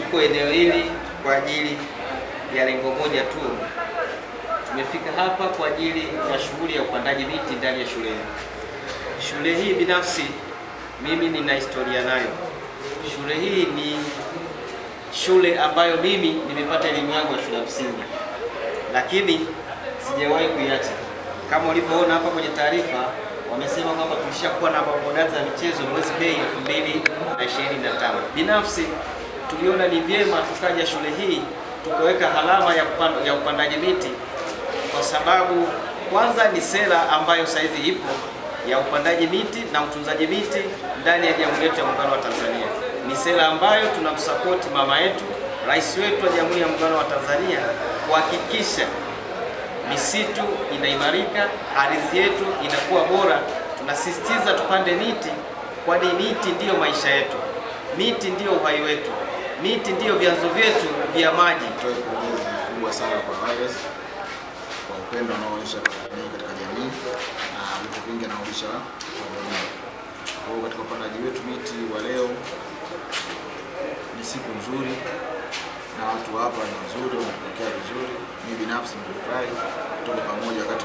tuko eneo hili kwa ajili ya lengo moja tu. Tumefika hapa kwa ajili ya shughuli ya upandaji miti ndani ya shule hii. Shule hii binafsi mimi nina historia nayo. Shule hii ni shule ambayo mimi nimepata elimu yangu ya shule ya msingi, lakini sijawahi kuiacha. Kama ulivyoona hapa kwenye taarifa, wamesema kwamba tulishakuwa na mabodata ya michezo mwezi Mei 2025. Binafsi tuliona ni vyema tukaja shule hii tukaweka halama ya, upand, ya upandaji miti kwa sababu kwanza ni sera ambayo saizi ipo ya upandaji miti na utunzaji miti ndani ya Jamhuri yetu ya Muungano wa Tanzania. Ni sera ambayo tunamsapoti mama yetu rais wetu wa Jamhuri ya Muungano wa Tanzania kuhakikisha misitu inaimarika, ardhi yetu inakuwa bora. Tunasisitiza tupande miti, kwani miti ndiyo maisha yetu, miti ndiyo uhai wetu miti ndiyo vyanzo vyetu vya maji. kubwa sana kwa Valdez kwa upendo anaoonyesha katika jamii na vitu vingi anaonyesha kwa jamii. Kwa hiyo katika upandaji wetu miti wa leo ni siku nzuri na watu hapa ni wazuri, wanapokea vizuri. Mimi binafsi nimefurahi, tuko pamoja wakati